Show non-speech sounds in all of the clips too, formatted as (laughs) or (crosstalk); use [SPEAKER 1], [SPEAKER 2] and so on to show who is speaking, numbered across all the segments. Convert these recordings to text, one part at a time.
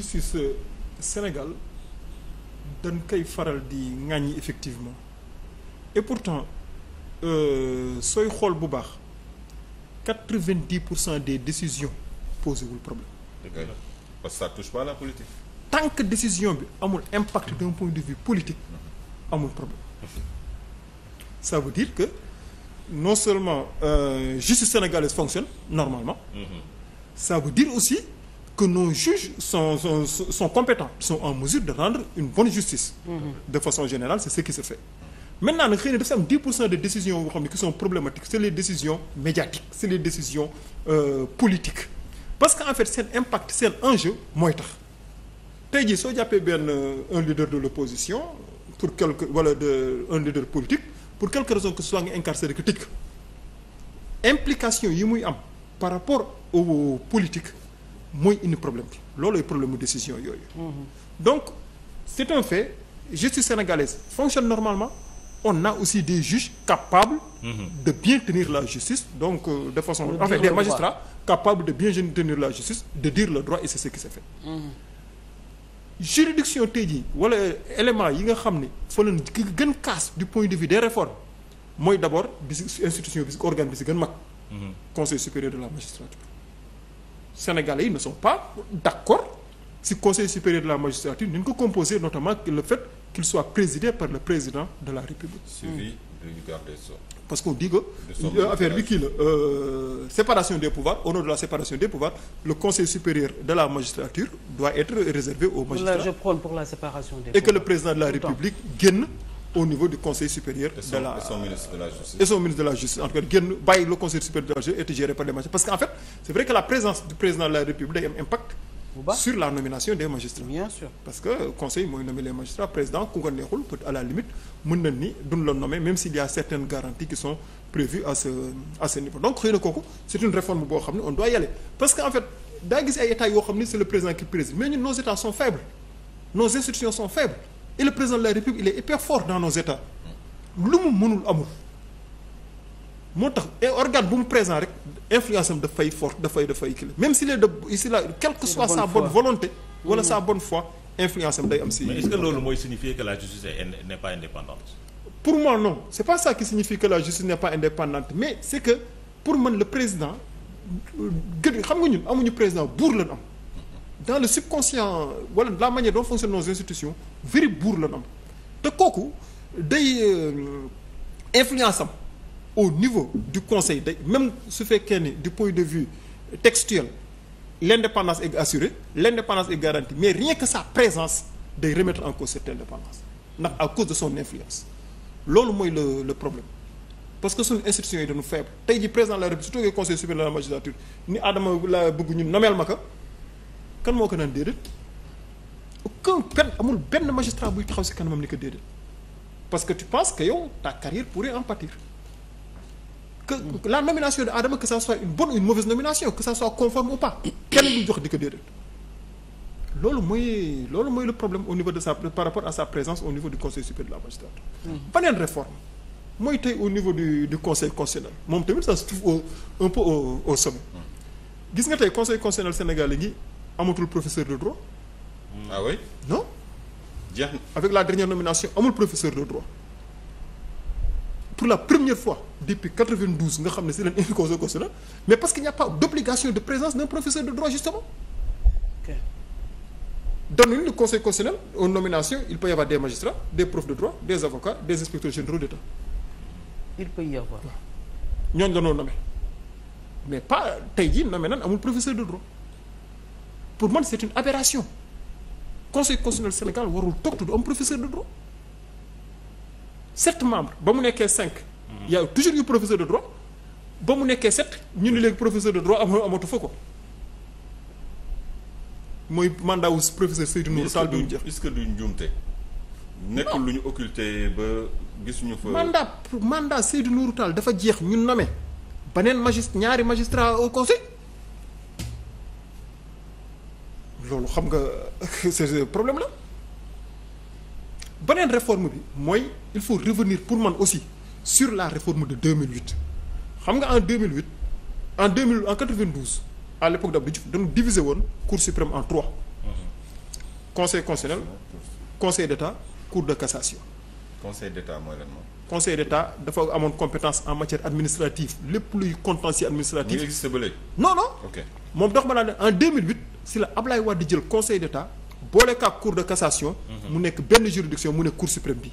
[SPEAKER 1] justice euh, Sénégal dañ koy faral di ŋàññi effectivement et pourtant euh, sooy xool bu baax quatre-vingt-dix pour cent des décisions posé wul problème. dëgg parce que ça la politique. tant que décision bi amul impact d'un point de vue politique amul problème ça veut dire que non seulement euh, justice sénégalaise fonctionne normalement. Mm dire aussi. que nos juges sont, sont, sont compétents, sont en mesure de rendre une bonne justice. Mhm. De façon générale, c'est ce qui se fait. Maintenant nag xëy na dafa am 10 pour cent des décisions yoo xam ne qui sont problématiques c'est les décisions médiatiques c'est les décisions euh, politiques parce que en fait seen impact seen enjeu mooy tax tey jii soo jàppee benn euh, un leader de l'opposition pour quelque wala de un leader politique pour quelque raison que ce soit nga incarcéré que tëj implication yi muy am par rapport aux mooy indi problème bi loolooy problème mu décision yooyu. donc c' est un fait justice sénégalaise fonctionne normalement on a aussi des juges capables. Mm-hmm. de bien tenir la justice donc euh, de façon. en fait des magistrats capables de bien tenir la justice le droit et c' est ce qui s' fait. Mm-hmm. juridiction tey jii wala élément yi nga xam ni fa la gën casse du point de vue des réformes mooy d' abord bi si institution bi si organe bi si gën mag. Mm-hmm. conseil supérieur de la magistrature. Sénégalais yi ne sont pas d'accord si conseil supérieur de la magistrature ni ñu ko composé notamment le fait qu'il soit présidé par le président de la République. suivi du garde des Sceaux. parce qu'on dit que euh, bi kii la euh, séparation des pouvoirs au nom de la séparation des pouvoirs le conseil supérieur de la magistrature doit être réservé aux magistrats. la séparation des pouvoirs. et que le président de la République génn. au niveau du conseil supérieur. de la et son ministre de la justice. en tout cas génn bàyyi le conseil supérieur de la justice parce que en fait c' vrai que la présence du président de la république day am impact. sur la nomination des magistrats. parce que conseil mooy nommer les président ku ko neexul peut à la limite mën na ni duñ la même s' il y a certaines garanties qui sont prévues à ce niveau donc xëy na kooku c' une réforme et le président de la république il est hyper fort dans nos lu mu munul amul moo tax et organe bu mu présent rek influence am dafay fort dafay dafay kii même s'il est de s'il a quelle que soit sa bonne volonté wala mm. sa bon foi influence am day am si mais est-ce que loolu mooy signifier que la justice n'est pas indépendante pour moi non c'est pas ça qui signifie que la justice n'est pas indépendante mais c'est que pour man la président euh, gën xam nga ñu amuñu président buur la am dans le subconscient wala la manière dont fonctionnent nos institutions veri buur la am te kooku day euh, influence am au niveau du conseil day même su fekkee ni du point de vue textuel l'indépendance est assurée l'indépendance est garantie mais rien que sa présence day remettre en cause cette indépendance ndax à cause de son influence loolu mooy le le problème parce que suñu institutions yi dañu faible tey ji président de la République surtout conseil supérieur de la magistrature kan moo ko naan déedéet aucun benn amul benn magistrat buy taxaw si kanamam ni ko déedéet parce que tu penses que yow ta carrière pourrait en pâtir que la nomination de Adama que ça soit une bonne une mauvaise nomination que ça soit conforme ou pas kenn du jox di ko déedéet loolu mooy loolu mooy le problème au niveau de sa par rapport à sa présence au niveau du conseil supérieur de la magistrature beneen réforme mooy tey au niveau du du conseil moom tamit gis nga tey conseil constitutionnel amatul professeur de droit. ah non. jeex na avec la dernière nomination amul professeur de droit pour la première fois depuis 92 nga xam ne si leen indi conseil constitutionnel mais parce qu'il a pas d'obligation de présence d'un professeur de droit justement. ok donne le conseil constitutionnel aux nominations il peut y avoir des magistrats des profs de droit des avocats des inspecteurs généraux d'État. il peut avoir. waaw ñooñu la noonu mais pas tey jii nommé nan amul professeur de droit. pour man c'est une aberration conseil constitutionnel Sénégal warul toog tudd am professeur de droit sept membres ba mu nekkee cinq. Mm-hmm. y a toujours eu professeur de droit ba mu nekkee sept ñu ni léegi professeur de droit am amatu fa ko mooy mandat wu professeur Seydou Nourou Tall bi est-ce que du njuumte nekkul lu ñu occulté ba gisuñu fa. mandat mandat Seydou Nourou Tall dafa jeex ñun name beneen magist ñaari magistrat au conseil. loolu xam nga (laughs) c'est problème la beneen réforme bi mooy il faut revenir pour man aussi sur la réforme de 2008 xam nga en 2008 en 2000 en 92 à l'époque d'Abdou Diouf dañu diviser woon cour suprême en trois mhm. conseil constitutionnel conseil d'État cour de cassation. conseil d'État mooy lan moom. conseil d'État dafa amoon compétence en matière administrative lépp luy contentieux administratif. mu moom dox ma naa ne en si la Ablaye di jël conseil d' état boole kaa cour de cassation. mu mhm. nekk benn juridiction mu nekk cour suprême bi.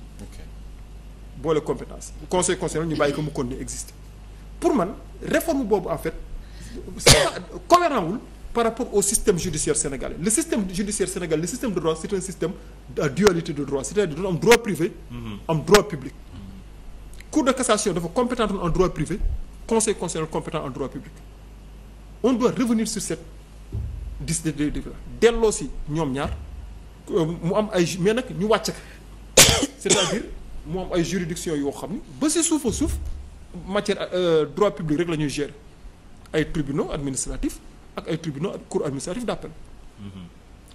[SPEAKER 1] boole compétence conseil constitutionnel ñu bàyyi ko mu continuer existe pour man réforme boobu en fait cohérent wul par rapport au système judiciaire sénégalais le système judiciaire sénégalais le système de droit c'est un système à dualité de droit c'est-à-dire dañu am droit privé mhm. am droit public cour de cassation dafa compétent en droit privé conseil constitutionnel compétent en droit public on doit revenir sur cette dis de delloo si ñoom ñaar euh, mu am ay mais nag ñu wàcc ka (coughs) c'est-à-dire mu am ay juridiction yoo xam ni ba si suuf a suuf matière euh, droit public rek la ñuy gérer ay tribunaux administratifs ak ay tribunaux ak cour administratif d'appel. Mm-hmm.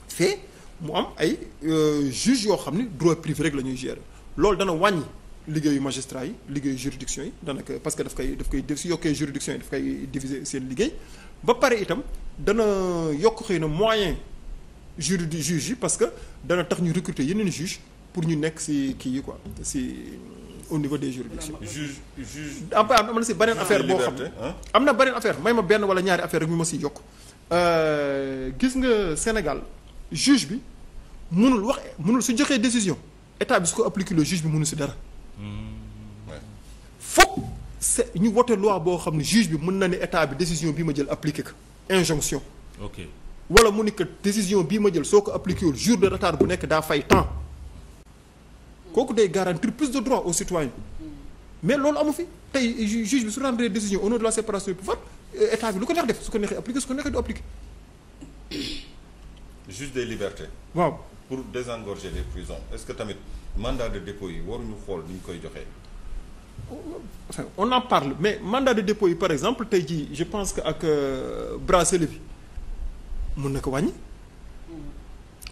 [SPEAKER 1] fee mu am ay euh, juge yoo xam ni droit privé rek la ñuy gérer loolu dana wàññi. liggéeyu magistrat yi liggéeyu juridiction yi danaka parce que daf koy daf koy def si yokkee juridiction yi daf koy diviser seen liggéey ba pare itam dana yokk xëy na moyen juridique juge yi parce que dana tax ñu recruter yeneen juge pour ñu nekk si kii yi quoi si euh, au niveau des juridictions. juge juge am na si beneen ah, affaire boo xam ne am na beneen affaire may ma benn wala ñaari affaire rek ñu ma si yokk euh, gis nga Sénégal juge bi mënul wax mënul su joxee décision état bi su ko appliquer juge bi mënul si dara. Hmm, fokk c'est ñu wote loi boo xam ne juge bi mën na ne état bi décision bi ma jël appliqué ko injonction. ok wala mu ni que décision bii ma jël soo ko appliqué wul jour de retard bu nekk daa fay temps kooku day garantir plus de droits aux citoyens mais loolu amu fi tey juge bi su rendre décision au nom de la séparation des pouvoirs euh, état bi lu ko neex def su ko neexee appliqué su ko neexee du appliqué. juge des libertés. waaw pour désengorger les prisons est-ce que tamit mandat de dépôt yi waruñu xool ni ñu koy joxee. on en parle mais mandat de dépôt yi par exemple tey jii je pense que ak euh, bracelet bi mun na ko wàññi.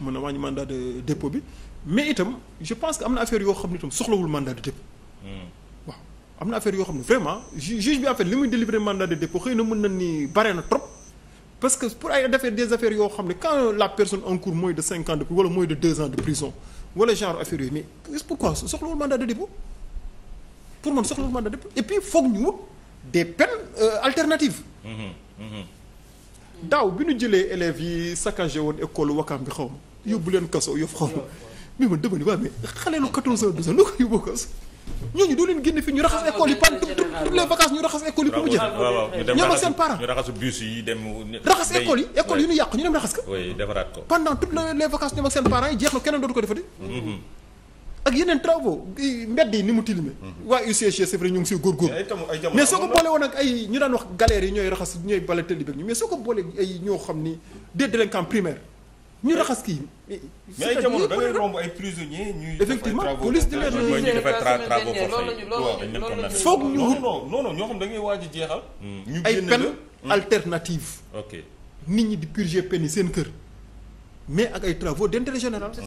[SPEAKER 1] mun na wàññi mandat de dépôt bi mais itam je pense que am na affaire yoo xam ni itam soxlawul mandat de dépôt. Hmm. am na affaire yoo xam ne vraiment juge bi en fait li muy délivrer mandat xëy na mën na ni bare na trop. parce que pour ay defee des affaires yoo xam ne quand la personne encourt moins de cinq ans de prison wala genre affaire yooyu mais pourquoi soxlawul mandat de dépôt. pour man soxla mandat de dépôt et puis foog ñu wut des peines euh, daaw bi ñu jëlee élèves yi saccagé woon école wakaam bi xaw ma yóbbu leen kaso yof xaw ma mais man dama ni waa mais xaleelu 14 heures 12 ko yóbbu kaso ñooñu doo leen génne fi ñu raxas école yi pan toutes les vacances ñu raxas dem raxas école yi école yi ñu yàq ñu dem raxas ko pendant toutes les vacances ñoom ak seen parents yi keneen dootu ko defati mhm. ak yeneen travaux mbedd yi ni mu tilime. waa UCG c'est vrai ñu ngi siy góorgóorlu. mais soo ko boole woon ak ay ñu daan wax galère yi ñooy raxas ñooy bala tëdd bi ñu mais soo ko boole ay ñoo raxas kii. mais ay jamono da ngay romb ay prisonniers ñuy. effectivement police di leen loolu ñu foog ñu wut non non ñoo xam da ngay a jeexal. Hmm. ñu hmm. alternative. nit ñi di purger peine yi seen kër mais ak ay travaux d'intérêt général.